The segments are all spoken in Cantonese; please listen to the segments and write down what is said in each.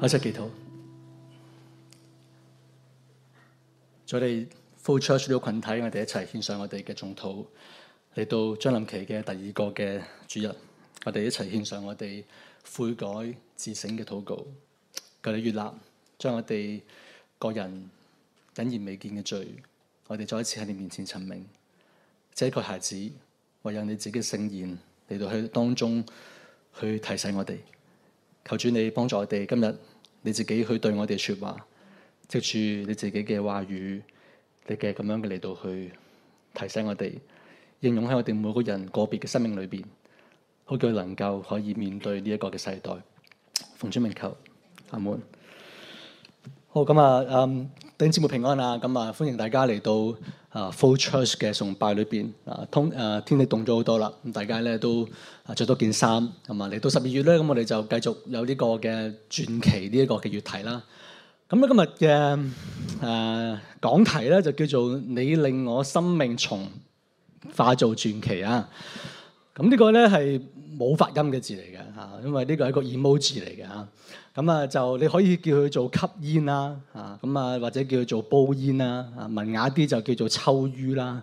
我一齊祈禱，在我哋 Flow Church 呢個群體，我哋一齊獻上我哋嘅眾土。嚟到將臨期嘅第二個嘅主日，我哋一齊獻上我哋悔改自省嘅禱告。求你悅納，將我哋個人隱而未見嘅罪，我哋再一次喺你面前陳明。這個孩子，唯有你自己的聖言嚟到去當中去提醒我哋。求主你幫助我哋，今日你自己去對我哋説話，藉住你自己嘅話語，你嘅咁樣嘅力度，去提醒我哋，應用喺我哋每個人個別嘅生命裏邊，好叫佢能夠可以面對呢一個嘅世代。奉主名求，阿門。好，咁啊，誒、um。等節目平安啦！咁啊，歡迎大家嚟到啊 Flow Church 嘅崇拜裏邊啊，通誒天氣凍咗好多啦，咁大家咧都着多件衫咁啊，嚟到十二月咧，咁我哋就繼續有呢個嘅傳奇呢一個嘅月題啦。咁咧今日嘅誒講題咧就叫做你令我生命從化做傳奇啊！咁呢個咧係冇發音嘅字嚟嘅嚇，因為呢個係一個 emoji 嚟嘅嚇。咁啊就你可以叫佢做吸煙啦嚇，咁啊，啊或者叫佢做煲煙啦嚇，文雅啲就叫做抽煙啦。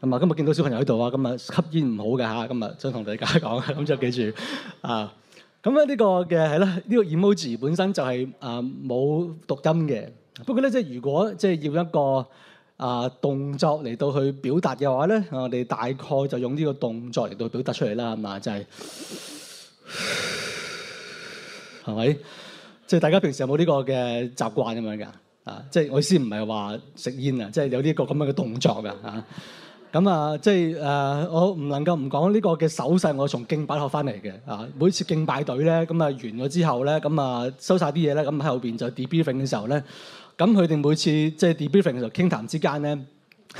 咁啊今日見到小朋友喺度啊，咁啊吸煙唔好嘅嚇，今日想同大家講嘅，咁、啊、就記住啊。咁啊呢個嘅係啦，呢、這個 emoji 本身就係、是、啊冇讀音嘅。不過咧，即係如果即係要一個。啊動作嚟到去表達嘅話咧，我哋大概就用呢個動作嚟到表達出嚟啦，係嘛？就係係咪？即係大家平時有冇呢個嘅習慣咁樣㗎？啊，即係我意思唔係話食煙啊，即係有呢個咁樣嘅動作㗎。啊，咁啊，即係誒，我唔能夠唔講呢個嘅手勢，我從敬拜學翻嚟嘅。啊，每次敬拜隊咧，咁啊完咗之後咧，咁啊收晒啲嘢咧，咁喺後邊就 debriefing 嘅時候咧。咁佢哋每次即係 debating 嘅就傾、是、談之間咧，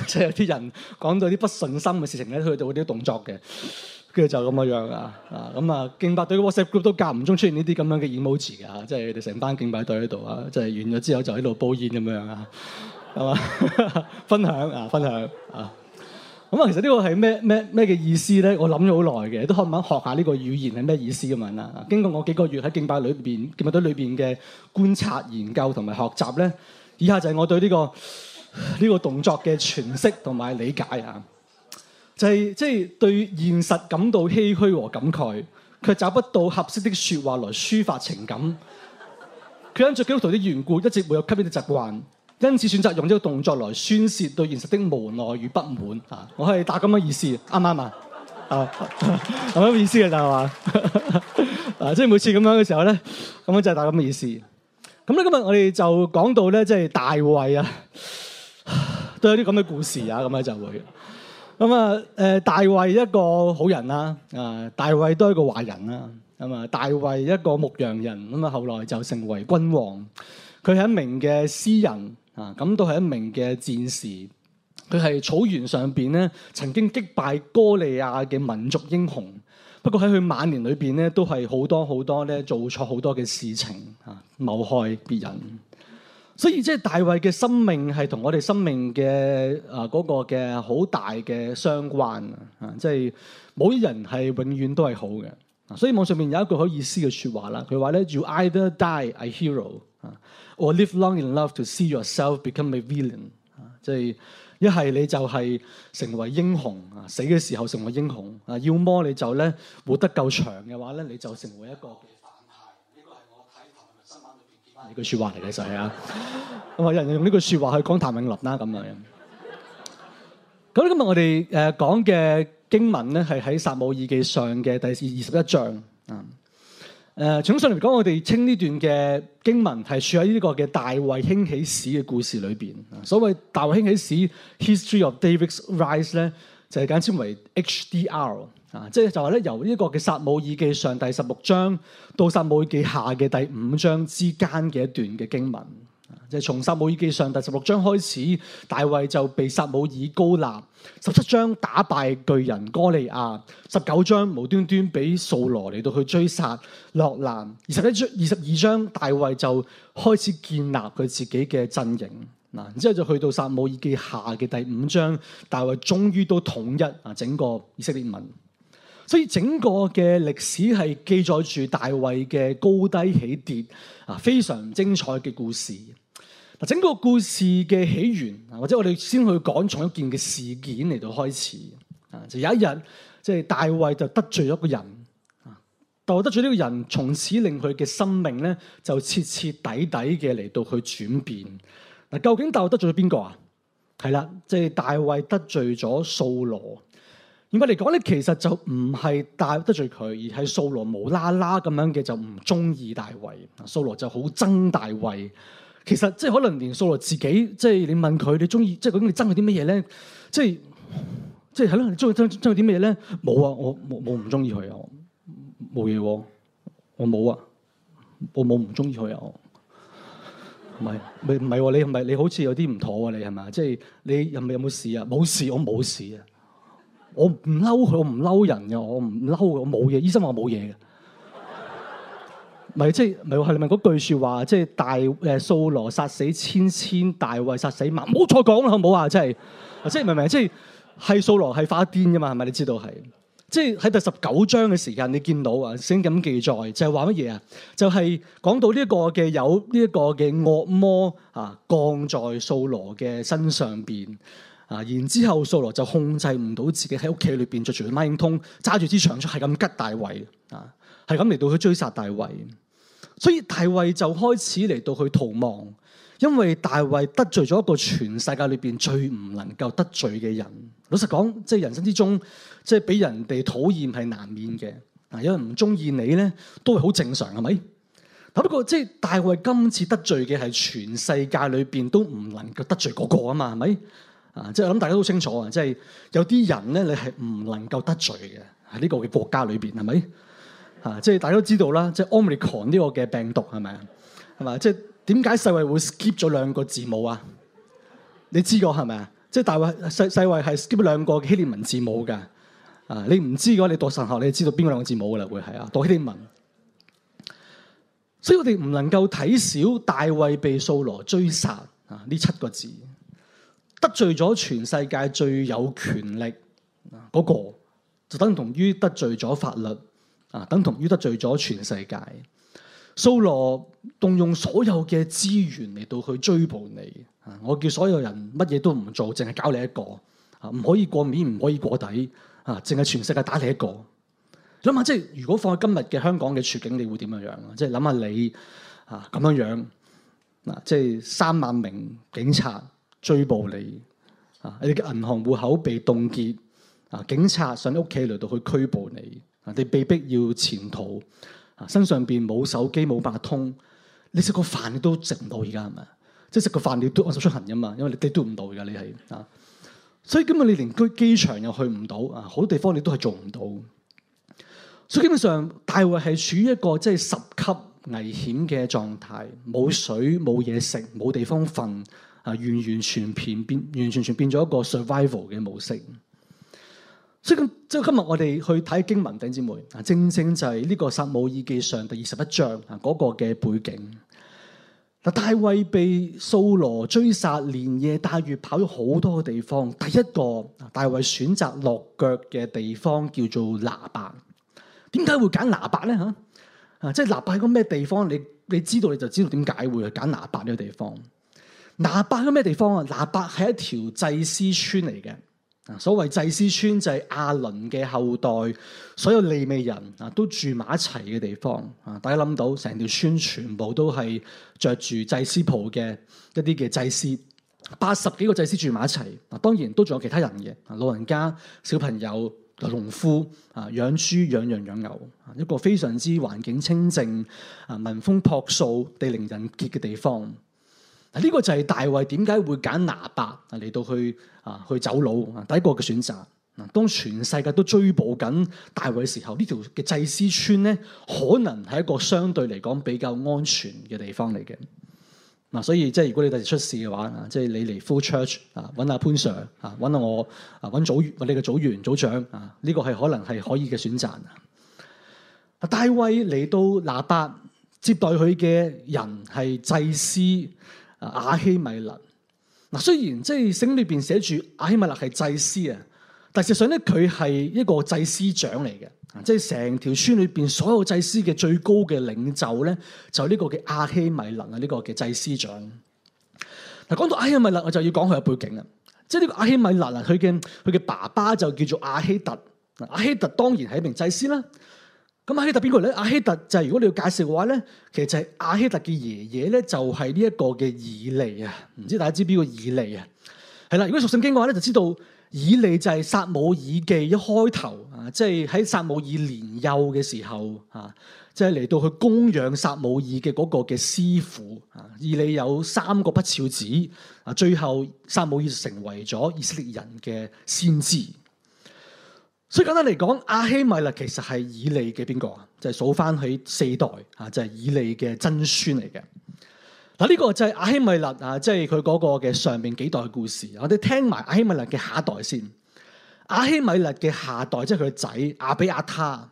即、就、係、是、有啲人講到啲不順心嘅事情咧，去到嗰啲動作嘅，跟住就咁嘅樣啊啊！咁啊，敬拜隊 WhatsApp group 都間唔中出現呢啲咁樣嘅 emoji 啊，即係佢哋成班敬拜隊喺度啊，即係完咗之後就喺度煲煙咁樣啊，係嘛？ 分享啊，分享啊。咁其實呢個係咩咩咩嘅意思咧？我諗咗好耐嘅，都可唔可學下呢個語言係咩意思咁樣啦？經過我幾個月喺敬拜裏邊、敬拜隊裏邊嘅觀察、研究同埋學習咧，以下就係我對呢個呢個動作嘅詮釋同埋理解啊！就係即係對現實感到唏噓和感慨，卻找不到合適的説話來抒發情感。佢因着基督徒的緣故，一直沒有吸煙的習慣。因此選擇用呢個動作來宣洩對現實的無奈與不滿嚇，我係打咁嘅意思，啱唔啱啊？係咁嘅意思嘅就係話，啊，即係每次咁樣嘅時候咧，咁樣就係打咁嘅意思。咁咧今日我哋就講到咧，即係大衛啊，都有啲咁嘅故事啊，咁咧就會。咁啊，誒、呃、大衛一個好人啦、啊，啊大衛都係一個壞人啦、啊，咁啊大衛一個牧羊人，咁啊後來就成為君王，佢係一名嘅詩人。啊，咁都係一名嘅戰士，佢係草原上邊咧，曾經擊敗哥利亞嘅民族英雄。不過喺佢晚年裏邊咧，都係好多好多咧做錯好多嘅事情，啊，謀害別人。所以即係大衛嘅生命係同我哋生命嘅啊嗰、那個嘅好大嘅相關啊，即係冇人係永遠都係好嘅。所以網上面有一句好意思嘅説話啦，佢話咧：You either die a hero，or live long enough to see yourself become a villain。即係一係你就係成為英雄，死嘅時候成為英雄；啊，要麼你就咧活得夠長嘅話咧，你就成為一個反派。呢個係我睇譚詠麟新聞裏邊見翻嚟嘅説話嚟嘅，就係、是、啊，咁啊，有人用呢句説話去講譚詠麟啦咁啊。咁 今日我哋誒講嘅。呃經文咧係喺撒母耳記上嘅第二十一章啊。誒、呃，總上嚟講，我哋稱呢段嘅經文係處喺呢個嘅大衛興起史嘅故事裏邊。所謂大衛興起史 （History of David's Rise） 咧，就係簡稱為 HDR 啊。即係就係咧由呢個嘅撒母耳記上第十六章到撒母耳記下嘅第五章之間嘅一段嘅經文。就從撒母耳記上第十六章開始，大衛就被撒母耳膏立；十七章打敗巨人哥利亞；十九章無端端俾掃羅嚟到去追殺落難；二十一章、二十二章，大衛就開始建立佢自己嘅陣營。嗱，之後就去到撒母耳記下嘅第五章，大衛終於都統一啊整個以色列民。所以整個嘅歷史係記載住大衛嘅高低起跌啊，非常精彩嘅故事。嗱，整個故事嘅起源，或者我哋先去講從一件嘅事件嚟到開始啊。就有一日，即係大衛就得罪咗一個人。大衛得罪呢個人，從此令佢嘅生命咧就徹徹底底嘅嚟到去轉變。嗱，究竟大衛得罪咗邊個啊？係啦，即係大衛得罪咗掃羅。而我嚟講咧，其實就唔係大得罪佢，而係掃羅無啦啦咁樣嘅就唔中意大衛。掃羅就好憎大衛。其實即係可能連掃羅自己，即係你問佢你中意，即係究竟你憎佢啲乜嘢咧？即係即係係咯，你憎憎憎佢啲乜嘢咧？冇啊，我冇冇唔中意佢啊！冇嘢喎，我冇啊，我冇唔中意佢啊！唔係咪，唔係你，唔係你好似有啲唔妥啊？你係咪啊？即係你又唔係有冇事啊？冇事，我冇事啊！我唔嬲佢，我唔嬲人嘅，我唔嬲我冇嘢。醫生話冇嘢嘅，咪即係咪係咪嗰句説話，即係大、呃、掃羅殺死千千，大衞殺死萬，唔好再講啦，好唔好啊？即係即係明唔明？即係係掃羅係花癲嘅嘛，係咪你知道係？即係喺第十九章嘅時間，你見到啊先咁記載，就係話乜嘢啊？就係講到呢一個嘅有呢一個嘅惡魔啊降在掃羅嘅身上邊。啊！然之後，掃羅就控制唔到自己喺屋企裏邊，着住條孖煙通，揸住支長槍，係咁吉大衛啊，係咁嚟到去追殺大衛。所以大衛就開始嚟到去逃亡，因為大衛得罪咗一個全世界裏邊最唔能夠得罪嘅人。老實講，即係人生之中，即係俾人哋討厭係難免嘅。嗱，有人唔中意你咧，都係好正常，係咪？但不過，即係大衛今次得罪嘅係全世界裏邊都唔能夠得罪嗰個啊嘛，係咪？啊，即係我諗大家都清楚啊，即係有啲人咧，你係唔能夠得罪嘅。喺呢個嘅國家裏邊，係咪？啊，即係大家都知道啦，即係 Omicron 呢個嘅病毒係咪啊？係嘛？即係點解世衛會 skip 咗兩個字母啊？你知過係咪啊？即係大衛世世衛係 skip 兩個希臘文字母嘅啊？你唔知嘅話，你讀神學你就知道邊個兩個字母嘅啦，會係啊，讀希臘文。所以我哋唔能夠睇小大衛被掃羅追殺啊呢七個字。得罪咗全世界最有權力嗰個，就等同於得罪咗法律，啊，等同於得罪咗全世界。掃羅動用所有嘅資源嚟到去追捕你，啊，我叫所有人乜嘢都唔做，淨係搞你一個，啊，唔可以過面，唔可以過底，啊，淨係全世界打你一個。諗下即係如果放喺今日嘅香港嘅處境，你會點樣樣啊？即係諗下你啊咁樣樣，嗱，即係三萬名警察。追捕你，啊！你嘅銀行戶口被凍結，啊！警察上你屋企嚟到去拘捕你，啊！你被逼要潛逃，啊！身上邊冇手機冇八通，你，個飯你食個飯你都食唔到，而家係咪？即係食個飯你都按手出行噶嘛，因為你你都唔到而家你係啊，所以今日你連居機場又去唔到，啊！好多地方你都係做唔到，所以基本上大衛係處於一個即係十級危險嘅狀態，冇水冇嘢食冇地方瞓。啊，完完全全變變，完完全全變咗一個 survival 嘅模式。所以咁，即係今日我哋去睇經文，弟兄姊妹，嗱，正正就係呢個撒母耳記上第二十一章嗱嗰個嘅背景。嗱，大衛被掃羅追殺，連夜大月跑咗好多地方。第一個，大衛選擇落腳嘅地方叫做拿伯。點解會揀拿伯咧？吓，啊，即係拿伯喺個咩地方？你你知道你就知道點解會揀拿伯呢個地方。挪伯喺咩地方啊？挪伯係一條祭司村嚟嘅。啊，所謂祭司村就係亞倫嘅後代，所有利未人啊都住埋一齊嘅地方。啊，大家諗到成條村全部都係着住祭司袍嘅一啲嘅祭司，八十幾個祭司住埋一齊。嗱，當然都仲有其他人嘅，老人家、小朋友、農夫啊，養豬、養羊、養牛。啊，一個非常之環境清靜、啊民風樸素、地靈人傑嘅地方。呢個就係大衛點解會揀拿伯嚟到去啊，去走佬啊，第一個嘅選擇。嗱、啊，當全世界都追捕緊大衛嘅時候，呢條嘅祭司村咧，可能係一個相對嚟講比較安全嘅地方嚟嘅。嗱、啊，所以即係如果你第時出事嘅話啊，即係你嚟 full church 啊，揾阿、啊、潘 Sir 啊，揾我啊，揾組我哋嘅組員、組長啊，呢、這個係可能係可以嘅選擇。啊，大衛嚟到拿伯，接待佢嘅人係祭司。啊！亞希米勒嗱，雖然即係聖經裏邊寫住亞希米勒係祭司啊，但係實際上咧佢係一個祭司長嚟嘅，即係成條村裏邊所有祭司嘅最高嘅領袖咧，就呢個叫亞希米勒啊，呢、這個嘅祭司長。嗱，講到亞希米勒，我就要講佢嘅背景啦。即係呢個亞希米勒嗱，佢嘅佢嘅爸爸就叫做亞希特，亞希特當然係一名祭司啦。咁阿希特邊個咧？阿希特就係、是、如果你要介紹嘅話咧，其實就係阿希特嘅爺爺咧，就係呢一個嘅以利啊！唔知大家知邊個以利啊？係啦，如果熟聖經嘅話咧，就知道以利就係撒母耳記一開頭啊，即係喺撒母耳年幼嘅時候啊，即係嚟到去供養撒母耳嘅嗰個嘅師傅啊。以利有三個不肖子啊，最後撒母耳成為咗以色列人嘅先知。所以簡單嚟講，阿希米勒其實係以利嘅邊個啊？就係數翻起四代啊，就係、是、以利嘅曾孫嚟嘅。嗱，呢個就係阿希米勒啊，即係佢嗰個嘅上面幾代嘅故事。我哋聽埋阿希米勒嘅下一代先。阿希米勒嘅下代即係佢個仔阿比亞他。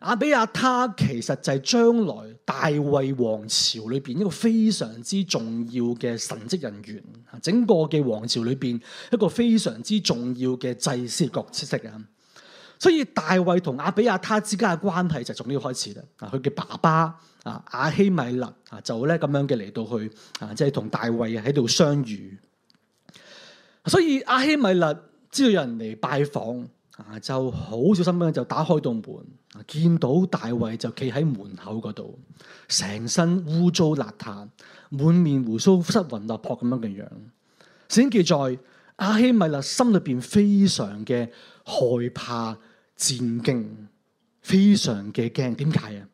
阿比亞他其實就係將來大衛王朝裏邊一個非常之重要嘅神職人員。整個嘅王朝裏邊一個非常之重要嘅祭司角色啊！所以大衛同亞比亞他之間嘅關係就從呢度開始啦。啊，佢嘅爸爸啊，亞希米勒啊，就咧咁樣嘅嚟到去啊，即係同大衛喺度相遇。所以亞希米勒知道有人嚟拜訪啊，就好小心咁樣就打開道門啊，見到大衛就企喺門口嗰度，成身污糟邋遢，滿面鬍鬚，失魂落魄咁樣嘅樣。聖經記載，亞希米勒心裏邊非常嘅害怕。戰兢，非常嘅驚。點解啊？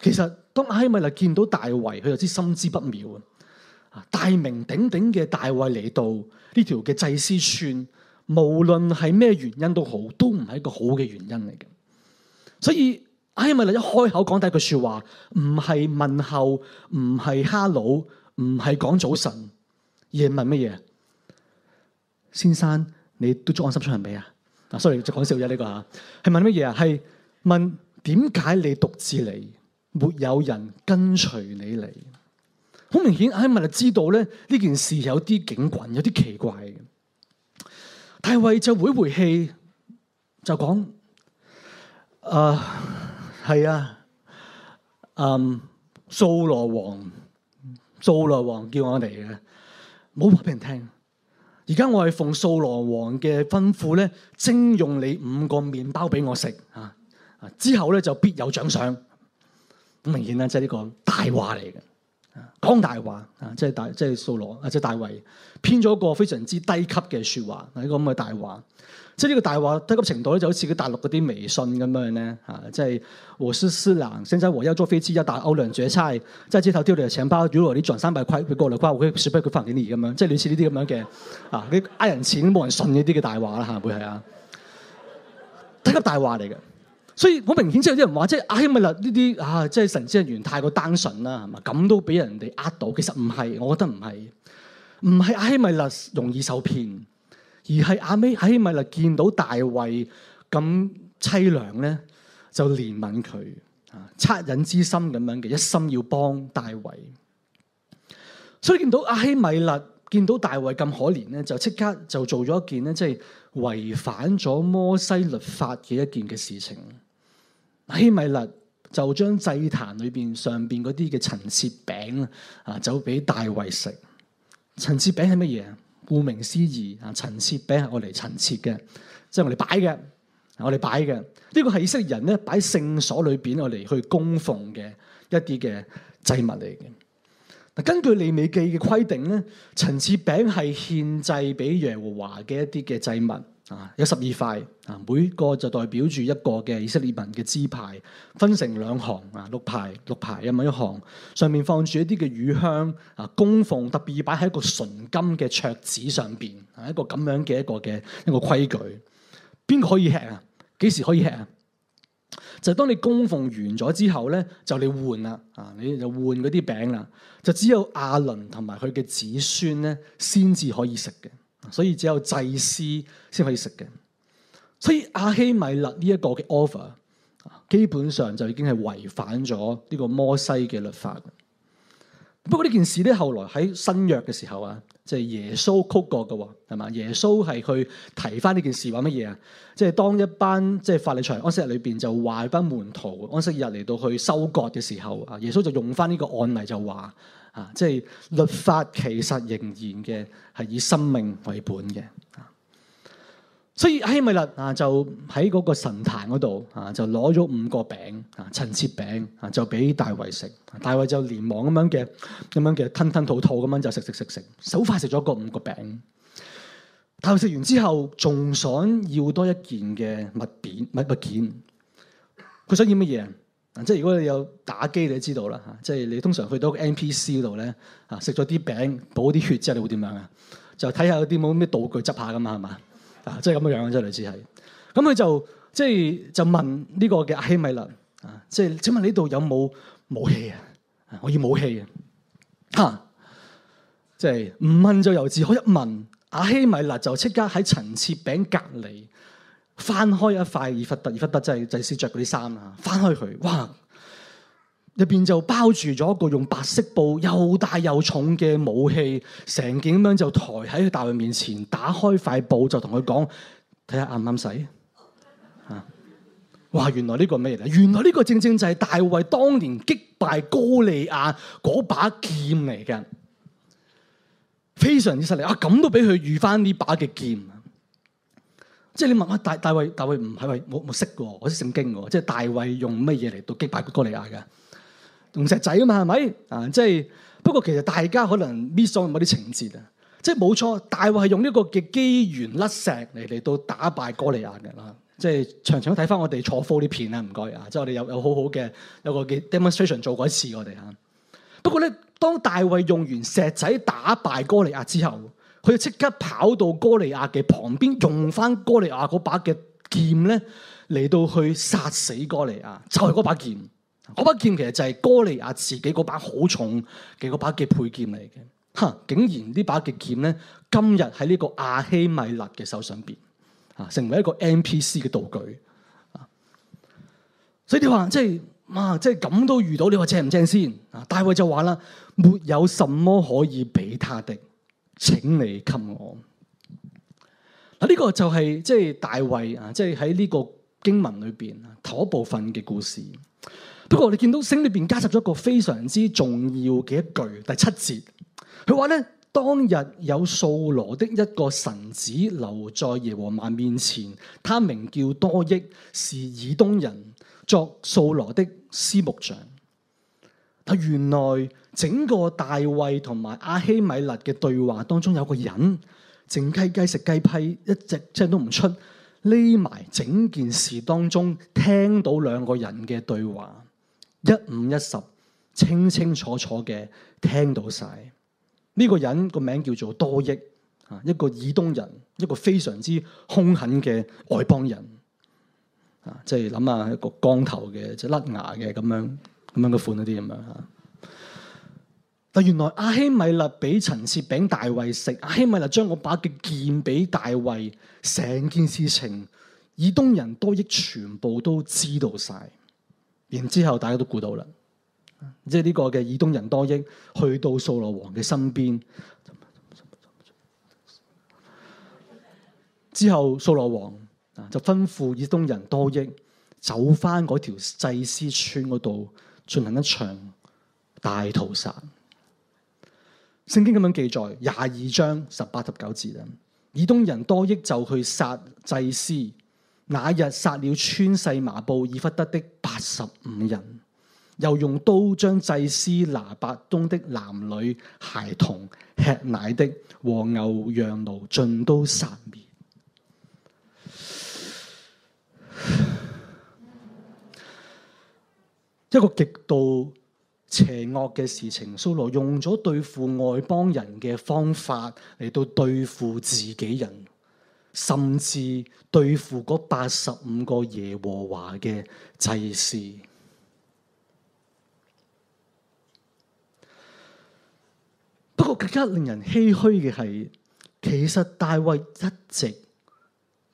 其實當亞希米勒見到大衛，佢就知心知不妙啊！大名鼎鼎嘅大衛嚟到呢條嘅祭司船，無論係咩原因都好，都唔係一個好嘅原因嚟嘅。所以亞希米勒一開口講第一句說話，唔係問候，唔係哈嘍，唔係講早晨，而係問乜嘢？先生，你都安心出行未啊？嗱，sorry，就講笑啫，呢個嚇，係問乜嘢啊？係問點解你獨自嚟，沒有人跟隨你嚟？好明顯，大衛就知道咧，呢件事有啲警棍，有啲奇怪嘅。大衛就回回氣，就講，誒、呃、係啊，嗯、呃，掃羅王，掃羅王叫我嚟嘅，冇話俾人聽。而家我係奉素羅掃羅王嘅吩咐咧，徵用你五個麵包俾我食啊！之後咧就必有獎賞。好明顯啦，即係呢個大話嚟嘅，講大話啊！即係、啊啊就是、大，即係掃羅啊，即係大衛編咗個非常之低級嘅說話，係、啊、一個咁嘅大話。即係呢個大話低級程度咧、啊，就好似佢大陸嗰啲微信咁樣咧，嚇，即係和斯斯蘭先使和優卓飛車打歐聯決賽，即係之後屌你啊，請包如果來啲撞三百塊，佢過嚟，瓜我可以你，佢輸畀佢百幾年咁樣，即係類似呢啲咁樣嘅，啊，你呃人錢都冇人信呢啲嘅大話啦嚇，會係啊，低級大話嚟嘅。所以好明顯即係有啲人話即係阿希米勒呢啲啊，即係神職人員太過單純啦，係嘛，咁都俾人哋呃到，其實唔係，我覺得唔係，唔係阿希米勒容易受騙。而係阿希米勒見到大衛咁淒涼咧，就憐憫佢，啊，惻隱之心咁樣嘅，一心要幫大衛。所以見到阿希米勒見到大衛咁可憐咧，就即刻就做咗一件咧，即係違反咗摩西律法嘅一件嘅事情。阿希米勒就將祭壇裏邊上邊嗰啲嘅陳設餅啊，啊，就俾大衛食。陳設餅係乜嘢？顧名思義，啊，陳設餅係我嚟陳設嘅，即係我哋擺嘅，我哋擺嘅呢個係以色列人咧擺喺聖所裏邊，我嚟去供奉嘅一啲嘅祭物嚟嘅。根據利未記嘅規定咧，陳設餅係獻祭俾耶和華嘅一啲嘅祭物。啊，有十二塊。啊，每個就代表住一個嘅以色列民嘅支派，分成兩行啊，六排六排咁樣一行，上面放住一啲嘅乳香啊，供奉特別擺喺一個純金嘅桌子上邊，一個咁樣嘅一個嘅一,一個規矩。邊個可以吃啊？幾時可以吃啊？就係、是、當你供奉完咗之後咧，就嚟換啦，啊你就換嗰啲餅啦，就只有亞倫同埋佢嘅子孫咧，先至可以食嘅。所以只有祭司先可以食嘅，所以亞希米勒呢一個嘅 offer，基本上就已經係違反咗呢個摩西嘅律法。不過呢件事咧，後來喺新約嘅時候啊，即係耶穌曲過嘅，係嘛？耶穌係去提翻呢件事話乜嘢啊？即係當一班即係法利賽安息日裏邊就壞班門徒，安息日嚟到去收割嘅時候，啊耶穌就用翻呢個案例就話。啊，即、就、係、是、律法其實仍然嘅係以生命為本嘅、啊。所以希米勒啊，就喺嗰個神壇嗰度啊，就攞咗五個餅啊，陳設餅啊，就俾大衛食。大衛就連忙咁樣嘅咁樣嘅吞吞吐吐咁樣就食食食食，手快食咗個五個餅。大衛食完之後，仲想要多一件嘅物，物件，物物件。佢想要乜嘢？即係如果你有打機，你知道啦嚇，即係你通常去到個 NPC 度咧嚇，食咗啲餅補啲血之後，你會點樣啊？就睇下有啲冇咩道具執下噶嘛係嘛？啊，即係咁嘅樣即係類似係。咁佢就即係就問呢個嘅阿希米勒啊，即係請問呢度有冇武器啊？我要武器啊！嚇、啊，即係唔問就由自可一問，阿希米勒就即刻喺陳設餅隔籬。翻開一塊以弗得，以弗得祭祭司着嗰啲衫啊！翻開佢，哇！入邊就包住咗一個用白色布又大又重嘅武器，成件咁樣就抬喺佢大衛面前，打開塊布就同佢講：睇下啱唔啱使啊！哇！原來呢個係咩嚟？原來呢個正正就係大衛當年擊敗哥利亞嗰把劍嚟嘅，非常之犀利啊！咁都俾佢遇翻呢把嘅劍。即係你問下大衛，大衛唔係咪冇識嘅，我識聖經嘅。即係大衛用乜嘢嚟到擊敗哥利亞嘅？用石仔啊嘛，係咪啊？即係不過其實大家可能 miss 咗某啲情節啊。即係冇錯，大衛係用呢個嘅機緣甩石嚟嚟到打敗哥利亞嘅啦。即係常常睇翻我哋坐科啲片啦，唔該啊。即係我哋有有好好嘅有個嘅 demonstration 做過一次我哋吓、啊。不過咧，當大衛用完石仔打敗哥利亞之後。佢就即刻跑到哥利亞嘅旁邊，用翻哥利亞嗰把嘅劍咧嚟到去殺死哥利亞，就係、是、嗰把劍。嗰把劍其實就係哥利亞自己嗰把好重嘅嗰把嘅配劍嚟嘅。吓，竟然把劍呢把嘅劍咧，今日喺呢個亞希米勒嘅手上邊啊，成為一個 NPC 嘅道具啊。所以你話即係，哇！即係咁、啊、都遇到，你話正唔正先？啊，大衛就話啦，沒有什麼可以俾他的。請你給我嗱，呢、這個就係即係大衛啊，即係喺呢個經文裏邊頭一部分嘅故事。不過我哋見到經裏邊加插咗一個非常之重要嘅一句，第七節佢話咧：當日有掃羅的一個臣子留在耶和華面前，他名叫多益，是以東人，作掃羅的司牧長。但原來。整個大衛同埋亞希米勒嘅對話當中，有個人靜雞雞食雞批，一直即係都唔出匿埋。整件事當中聽到兩個人嘅對話，一五一十清清楚楚嘅聽到晒。呢個人個名叫做多益，啊一個以東人，一個非常之兇狠嘅外邦人啊，即係諗下一個光頭嘅，即係甩牙嘅咁樣咁樣嘅款嗰啲咁樣吓。但原來阿希米勒俾陳設餅大衛食，阿希米勒將我把嘅劍俾大衛，成件事情以東人多益全部都知道晒。然之後大家都估到啦，即係呢個嘅以東人多益去到掃羅王嘅身邊之後，掃羅王就吩咐以東人多益走翻嗰條祭司村嗰度進行一場大屠殺。聖經咁樣記載，廿二章十八十九節，以東人多益就去殺祭司，那日殺了穿細麻布以弗得的八十五人，又用刀將祭司挪伯中的男女孩童、吃奶的和牛羊驢盡都殺滅，一個極度。邪惡嘅事情，蘇羅用咗對付外邦人嘅方法嚟到對付自己人，甚至對付嗰八十五個耶和華嘅祭司。不過更加令人唏噓嘅係，其實大衛一直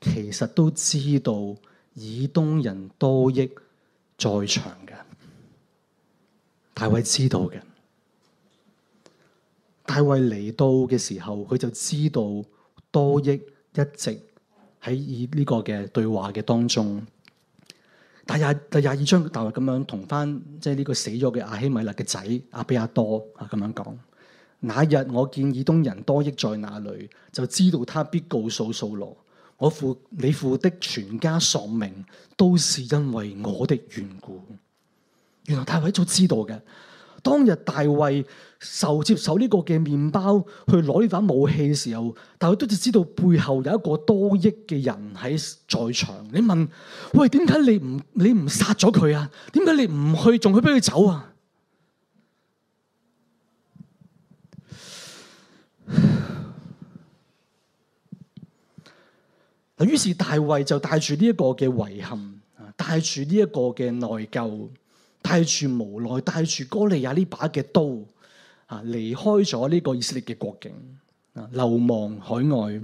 其實都知道以東人多益在場嘅。大衛知道嘅，大衛嚟到嘅時候，佢就知道多益一直喺呢個嘅對話嘅當中。但係第廿二章，大衛咁樣同翻即係呢個死咗嘅阿希米勒嘅仔阿比亞多啊咁樣講：那日我見以東人多益在那裏，就知道他必告訴掃羅，我父你父的全家喪命，都是因為我的緣故。原來大衛早知道嘅。當日大衛受接受呢個嘅麵包，去攞呢把武器嘅時候，大衛都只知道背後有一個多益嘅人喺在，在場。你問，喂，點解你唔你唔殺咗佢啊？點解你唔去，仲去俾佢走啊？嗱，於是大衛就帶住呢一個嘅遺憾，帶住呢一個嘅內疚。帶住無奈，帶住哥利亞呢把嘅刀，啊，離開咗呢個以色列嘅國境，啊，流亡海外。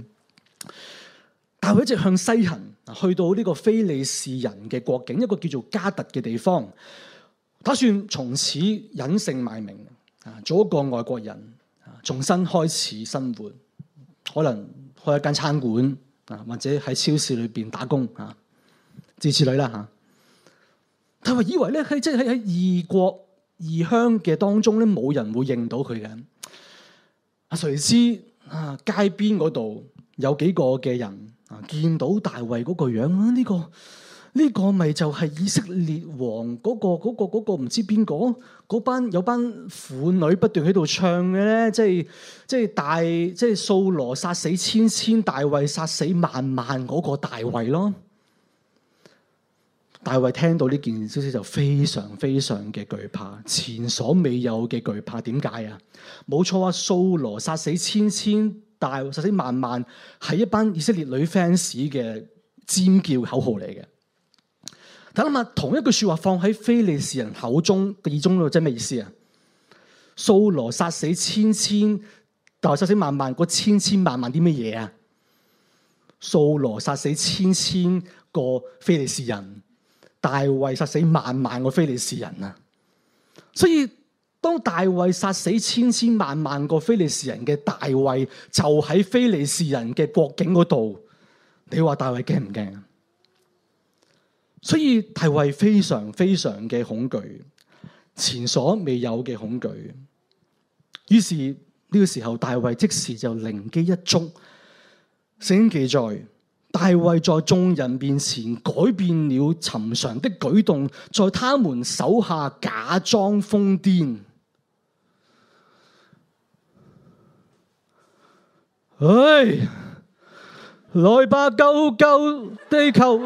但係佢一直向西行，去到呢個非利士人嘅國境，一個叫做加特嘅地方，打算從此隱姓埋名，啊，做一個外國人，啊，重新開始生活，可能開一間餐館，啊，或者喺超市裏邊打工，啊，諸如此類啦，吓。佢話以為咧，喺即喺喺異國異鄉嘅當中咧，冇人會認到佢嘅。啊，誰知啊，街邊嗰度有幾個嘅人啊，見到大衛嗰個樣呢、呢個呢、呢個咪就係以色列王嗰個嗰個唔知邊個？嗰、嗰、班、個嗰個嗰個、有班婦女不斷喺度唱嘅咧，即係即係大即係掃羅殺死千千，大衛殺死萬萬嗰個大衛咯。大衛聽到呢件消息就非常非常嘅懼怕，前所未有嘅懼怕。點解啊？冇錯啊！掃羅殺死千千，大衛殺死萬萬，係一班以色列女 fans 嘅尖叫口號嚟嘅。睇係諗下，同一句說話放喺非利士人口中嘅意中，又即係咩意思啊？掃羅殺死千千，大衛殺死萬萬，個千千萬萬啲乜嘢啊？掃羅殺死千千個非利士人。大衛殺死萬萬個菲利士人啊！所以當大衛殺死千千萬萬個菲利士人嘅大衛，就喺菲利士人嘅國境嗰度，你話大衛驚唔驚？所以大衛非常非常嘅恐懼，前所未有嘅恐懼。於是呢個時候，大衛即時就靈機一觸。聖經記載。大衛在眾人面前改變了尋常的舉動，在他們手下假裝瘋癲。哎，來吧，救救地球！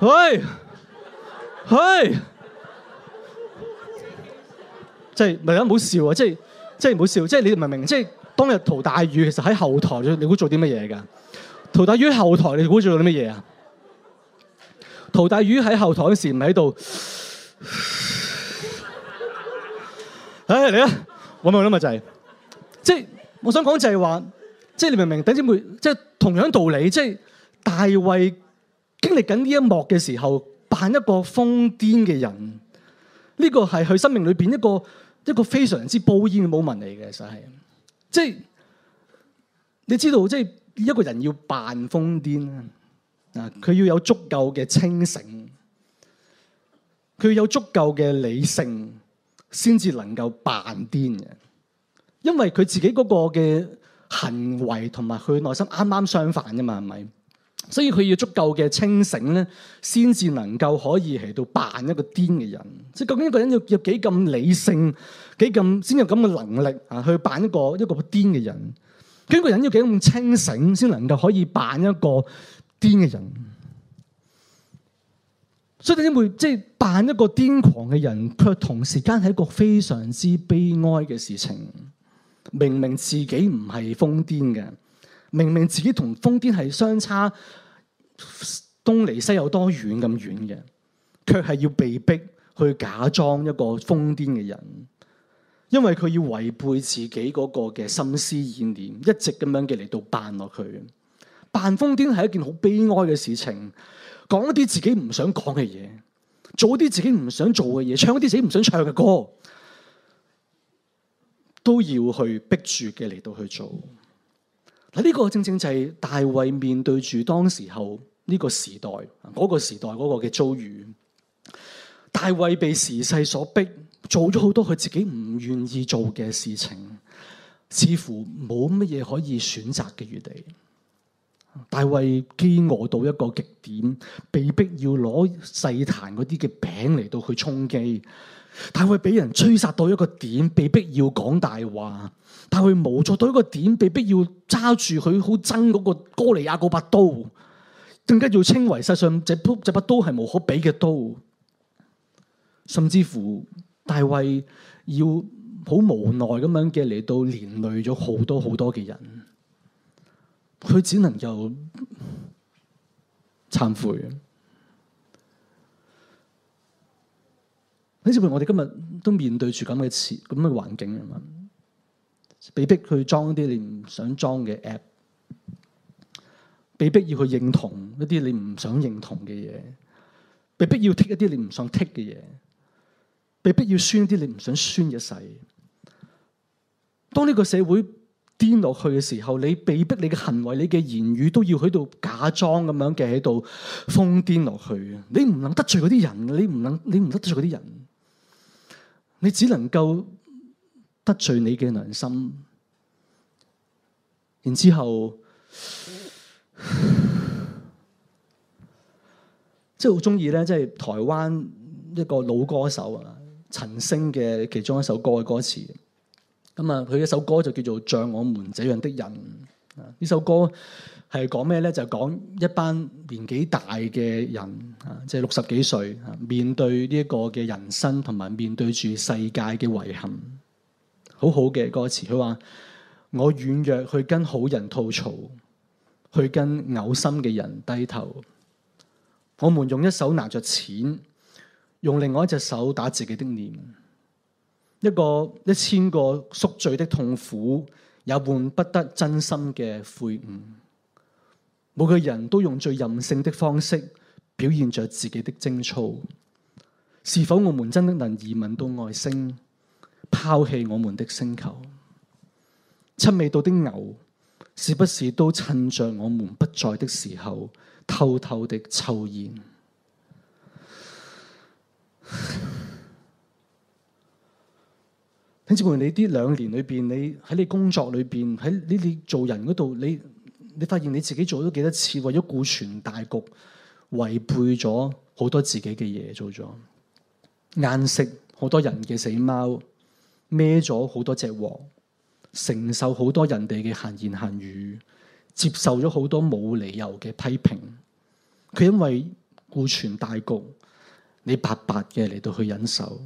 哎，哎，即係大家唔好笑啊！即係即係唔好笑！即係你唔明，即係。當日陶大宇其實喺後台，你估做啲乜嘢嘅？陶大宇後台，你估做啲乜嘢啊？陶大宇喺後台嗰時唔喺度，唉嚟啊！我咪諗咪就係、是、即係，我想講就係話，即係你明唔明？等姊妹即係同樣道理，即係大衛經歷緊呢一幕嘅時候，扮一個瘋癲嘅人，呢、這個係佢生命裏邊一個一個非常之煲煙嘅 moment 嚟嘅，實係。即係你知道，即係一個人要扮瘋癲啊！佢要有足夠嘅清醒，佢要有足夠嘅理性，先至能夠扮癲嘅。因為佢自己嗰個嘅行為同埋佢內心啱啱相反嘅嘛，係咪？所以佢要足夠嘅清醒咧，先至能夠可以嚟到扮一個癲嘅人。即係究竟一個人要要幾咁理性？幾咁先有咁嘅能力啊？去扮一個一個癲嘅人，咁，個人要幾咁清醒，先能夠可以扮一個癲嘅人。所以你點會即係扮一個癲狂嘅人，卻同時間係一個非常之悲哀嘅事情。明明自己唔係瘋癲嘅，明明自己同瘋癲係相差東離西有多遠咁遠嘅，卻係要被逼去假裝一個瘋癲嘅人。因為佢要違背自己嗰個嘅心思意念，念，一直咁樣嘅嚟到扮落去，扮瘋癲係一件好悲哀嘅事情。講一啲自己唔想講嘅嘢，做一啲自己唔想做嘅嘢，唱一啲自己唔想唱嘅歌，都要去逼住嘅嚟到去做。嗱、這、呢個正正就係大衛面對住當時候呢個時代嗰、那個時代嗰個嘅遭遇，大衛被時勢所逼。做咗好多佢自己唔願意做嘅事情，似乎冇乜嘢可以選擇嘅餘地。大衛饑餓到一個極點，被逼要攞細壇嗰啲嘅餅嚟到去充飢。大衛俾人追殺到一個點，被逼要講大話。但佢無助到一個點，被逼要揸住佢好憎嗰個哥利亞嗰把刀，更加要稱為世上這把這把刀係無可比嘅刀，甚至乎。大衛要好無奈咁樣嘅嚟到連累咗好多好多嘅人，佢只能夠懺悔。你知唔知我哋今日都面對住咁嘅設咁嘅環境啊嘛，被逼去裝啲你唔想裝嘅 app，被逼要去認同一啲你唔想認同嘅嘢，被逼要剔一啲你唔想剔嘅嘢。被逼要酸啲，你唔想酸一世。當呢個社會癲落去嘅時候，你被逼你嘅行為、你嘅言語都要喺度假裝咁樣嘅喺度瘋癲落去。你唔能得罪嗰啲人，你唔能你唔得罪嗰啲人，你只能夠得罪你嘅良心。然之後，即係好中意咧，即係台灣一個老歌手啊。陳星嘅其中一首歌嘅歌詞，咁、嗯、啊，佢一首歌就叫做《像我們這樣的人》。呢、啊、首歌係講咩呢？就講、是、一班年紀大嘅人，啊、即係六十幾歲，啊、面對呢一個嘅人生，同埋面對住世界嘅遺憾，好好嘅歌詞。佢話：我軟弱去跟好人吐槽，去跟嘔心嘅人低頭。我們用一手拿着錢。用另外一隻手打自己的臉，一個一千個宿醉的痛苦也換不得真心嘅悔悟。每個人都用最任性的方式表現着自己的精操。是否我們真的能移民到外星，拋棄我們的星球？七味道的牛，是不是都趁着我們不在的時候，偷偷地抽煙？丁志文， 你呢兩年裏邊，你喺你工作裏邊，喺你啲做人嗰度，你你發現你自己做咗幾多次為咗顧全大局，違背咗好多自己嘅嘢，做咗硬食，好多人嘅死貓，孭咗好多隻鑊，承受好多人哋嘅閒言閒語，接受咗好多冇理由嘅批評。佢因為顧全大局。你白白嘅嚟到去忍受，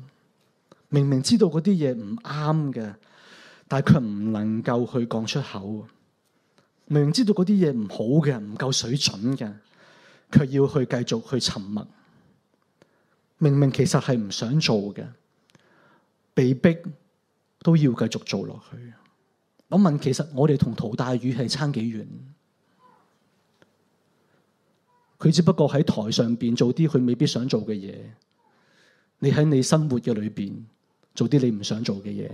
明明知道嗰啲嘢唔啱嘅，但係佢唔能夠去講出口。明明知道嗰啲嘢唔好嘅，唔夠水準嘅，卻要去繼續去沉默。明明其實係唔想做嘅，被逼都要繼續做落去。我問，其實我哋同陶大宇係差幾遠？佢只不過喺台上邊做啲佢未必想做嘅嘢，你喺你生活嘅裏邊做啲你唔想做嘅嘢。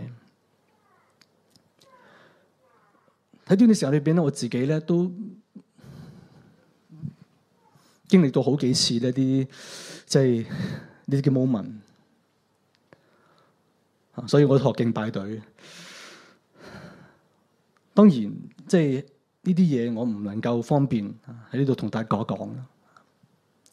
喺呢段時間裏邊咧，我自己咧都經歷過好幾次呢啲即係呢啲嘅 moment，所以我都學敬拜隊。當然，即係呢啲嘢我唔能夠方便喺呢度同大家講。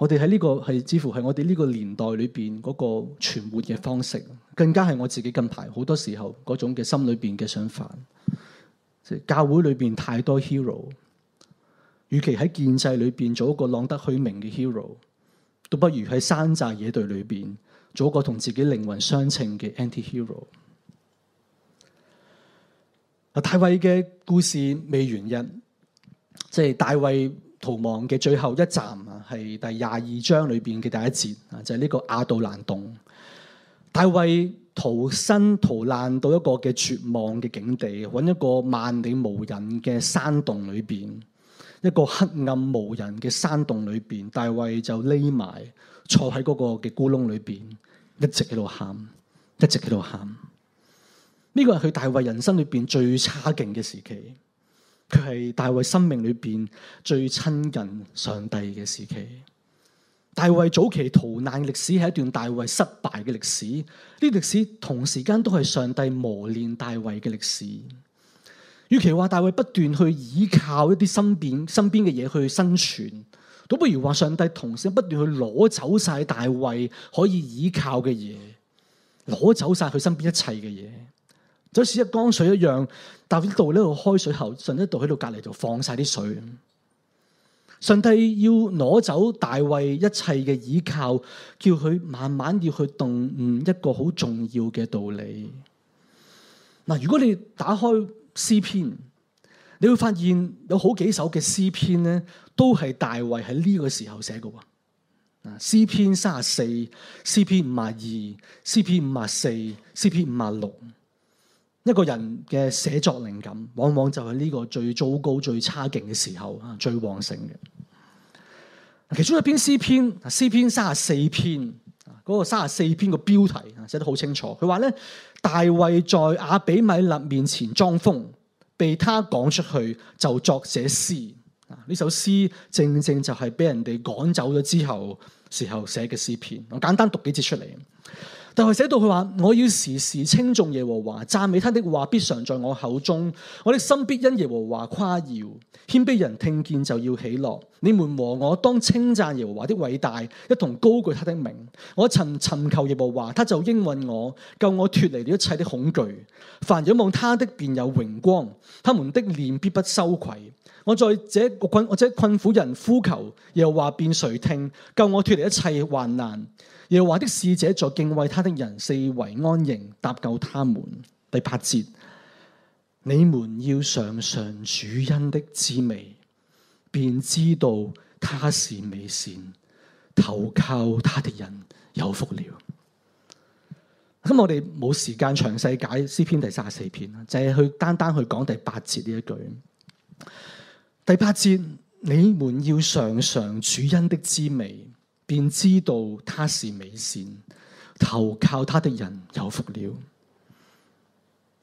我哋喺呢個係，似乎係我哋呢個年代裏邊嗰個存活嘅方式，更加係我自己近排好多時候嗰種嘅心裏邊嘅想法。即係教會裏邊太多 hero，與其喺建制裏邊做一個浪得虛名嘅 hero，都不如喺山寨野隊裏邊做一個同自己靈魂相稱嘅 anti-hero。阿大衛嘅故事未完人，即係大衛。逃亡嘅最後一站啊，係第廿二章裏邊嘅第一節啊，就係、是、呢個亞杜蘭洞。大衛逃生逃難到一個嘅絕望嘅境地，揾一個萬里無人嘅山洞裏邊，一個黑暗無人嘅山洞裏邊，大衛就匿埋坐喺嗰個嘅孤窿裏邊，一直喺度喊，一直喺度喊。呢、這個係佢大衛人生裏邊最差勁嘅時期。佢係大衛生命裏邊最親近上帝嘅時期。大衛早期逃難歷史係一段大衛失敗嘅歷史，呢啲歷史同時間都係上帝磨練大衛嘅歷史。與其話大衛不斷去倚靠一啲身邊身邊嘅嘢去生存，倒不如話上帝同時不斷去攞走晒大衛可以倚靠嘅嘢，攞走晒佢身邊一切嘅嘢。就好似一缸水一樣，搭一倒呢度開水喉，神一度喺度隔籬就放晒啲水。上帝要攞走大衛一切嘅倚靠，叫佢慢慢要去領悟一個好重要嘅道理。嗱、呃，如果你打開詩篇，你會發現有好幾首嘅詩篇咧，都係大衛喺呢個時候寫嘅。嗱、呃，詩篇三十四、詩篇五十二、詩篇五十四、詩篇五十六。一個人嘅寫作靈感，往往就係呢個最糟糕，最差勁嘅時候啊，最旺盛嘅。其中一篇詩篇，詩篇三十四篇，嗰個三十四篇個標題寫得好清楚。佢話咧，大衛在亞比米勒面前裝瘋，被他講出去，就作這詩。呢首詩正正就係俾人哋趕走咗之後時候寫嘅詩篇。我簡單讀幾節出嚟。但係寫到佢話，我要時時稱頌耶和華，讚美他的話必常在我口中，我的心必因耶和華誇耀，謙卑人聽見就要喜樂。你們和我當稱讚耶和華的偉大，一同高舉他的名。我曾尋求耶和華，他就應允我，救我脱離了一切的恐懼。凡仰望他的便有榮光，他們的臉必不羞愧。我在這個困，或者困苦人呼求，又話變誰聽？救我脱離一切患難，又話的使者在敬畏他的人四圍安營，搭救他們。第八節，你們要嘗嘗主恩的滋味，便知道他是美善，投靠他的人有福了。咁我哋冇時間詳細解釋詩篇第三十四篇啦，就係去單單去講第八節呢一句。第八節，你們要嘗嘗主恩的滋味，便知道他是美善，投靠他的人有福了。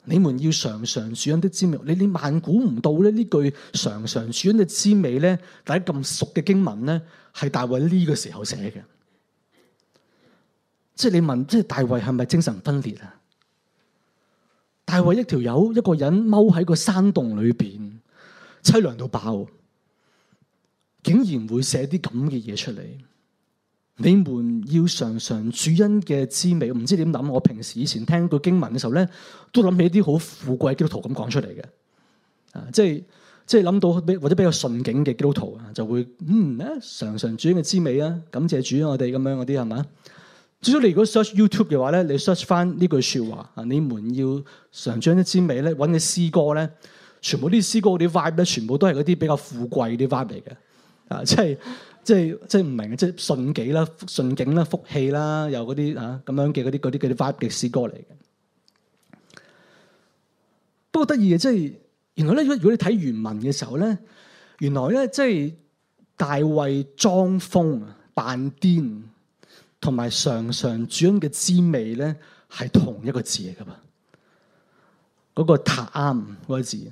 你們要嘗嘗主恩的滋味，你你萬估唔到呢句嘗嘗主恩的滋味呢，大家咁熟嘅經文呢，係大衛呢個時候寫嘅。即係你問，即係大衛係咪精神分裂啊？大衛一條友一個人踎喺個山洞裏邊。淒涼到爆，竟然會寫啲咁嘅嘢出嚟。你們要嘗嘗主恩嘅滋味，唔知點諗？我平時以前聽過經文嘅時候咧，都諗起啲好富貴基督徒咁講出嚟嘅，啊，即係即係諗到或者比較順景嘅基督徒啊，就會嗯咧嘗嘗主恩嘅滋味啊，感謝主啊，我哋咁樣嗰啲係咪？」至少你如果 search YouTube 嘅話咧，你 search 翻呢句說話啊，你們要嘗嘗啲滋味咧，搵嘅詩歌咧。全部啲詩歌啲 vibe 咧，全部都係嗰啲比較富貴啲 vibe 嚟嘅，啊，即係即係即係唔明即係順己啦、順景啦、福氣啦，又嗰啲啊咁樣嘅嗰啲啲啲 vibe 嘅詩歌嚟嘅。不過得意嘅即係原來咧，如果如果你睇原文嘅時候咧，原來咧即係大衛裝瘋扮癲，同埋嘗嘗主恩嘅滋味咧係同一個字嚟噶嘛，嗰、嗰個塔啱嗰個字。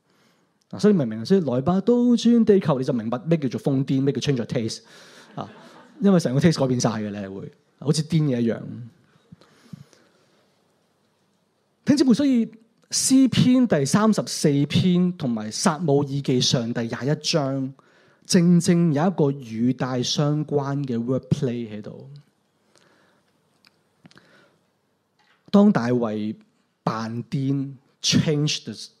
啊、所以明明所以來吧，倒轉地球，你就明白咩叫做瘋癲，咩叫 change the taste 啊！因為成個 taste 改變晒嘅咧，你會好似癲嘢一樣。聽節目，所以詩篇第三十四篇同埋撒母耳記上第廿一章，正正有一個語帶相關嘅 word play 喺度。當大衛扮癲，change the。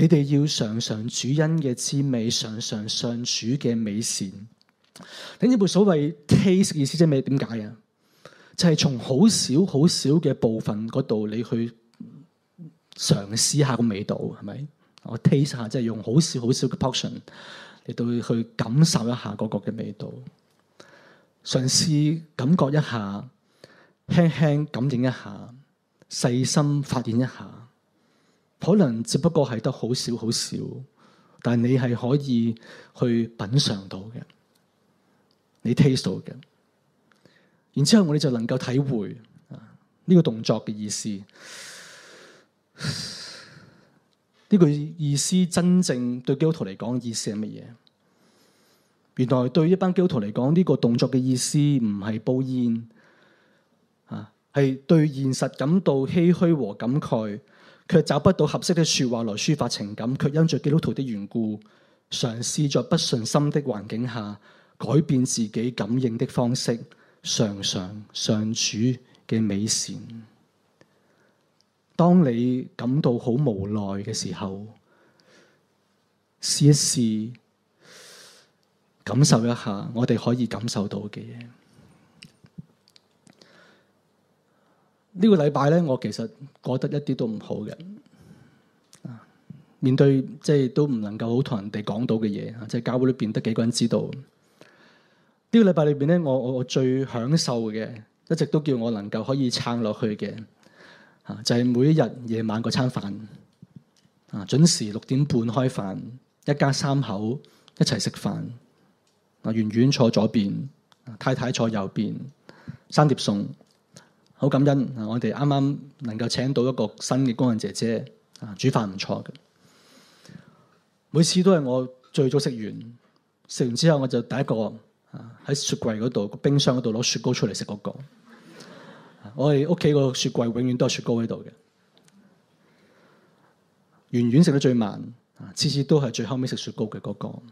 你哋要嘗嘗主恩嘅滋味，嘗嘗上主嘅美善。等呢部所謂 taste 意思即係咩？點解啊？就係從好少好少嘅部分度，你去嘗試下個味道，係咪？我 taste 下即係用好少好少嘅 portion 嚟,到去感受一下嗰個嘅味道，嘗試感覺一下，輕輕感應一下，細心發現一下。可能只不過係得好少好少，但你係可以去品嚐到嘅，你 taste 到嘅。然之後我哋就能夠體會啊，呢個動作嘅意思。呢句意思真正對基督徒嚟講意思係乜嘢？原來對一班基督徒嚟講，呢個動作嘅意思唔係煲煙啊，係對現實感到唏噓和感慨。卻找不到合適的說話來抒發情感，卻因着基督徒的緣故，嘗試在不順心的環境下改變自己感應的方式，常常常主嘅美善。當你感到好無奈嘅時候，試一試，感受一下，我哋可以感受到嘅嘢。個禮呢個禮拜咧，我其實過得一啲都唔好嘅，啊，面對即係都唔能夠好同人哋講到嘅嘢，即係教，啊就是，會裏邊得幾個人知道。這個、禮呢個禮拜裏邊咧，我我我最享受嘅，一直都叫我能夠可以撐落去嘅，啊，就係、是，每一日夜晚嗰餐飯，啊，準時六點半開飯，一家三口一齊食飯。阿圓圓坐左邊，啊，太太坐右邊，三碟餸。好感恩我哋啱啱能夠請到一個新嘅工人姐姐啊，煮飯唔錯嘅。每次都係我最早食完，食完之後我就第一個啊喺雪櫃嗰度、冰箱嗰度攞雪糕出嚟食嗰、嗰個。 我哋屋企個雪櫃永遠都係雪糕喺度嘅。圓圓食得最慢，次、啊、次都係最後尾食雪糕嘅嗰、嗰個。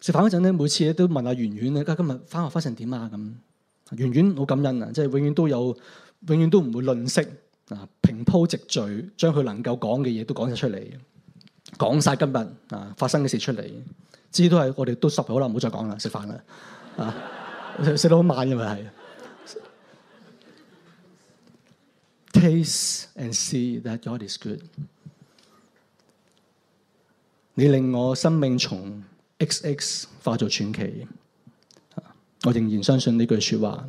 食、啊、飯嗰陣呢，每次都問阿圓圓咧：你今日返學返成點啊？咁、啊。啊啊啊遠遠好感恩啊！即係永遠都有，永遠都唔會吝嗇啊，平鋪直敍，將佢能夠講嘅嘢都講晒出嚟，講晒今日啊發生嘅事出嚟。之都係我哋都十號啦，唔好再講啦，食飯啦啊！食 得好慢㗎嘛係。 Taste and see that God is good，你令我生命從 XX 化做傳奇。我仍然相信呢句說話。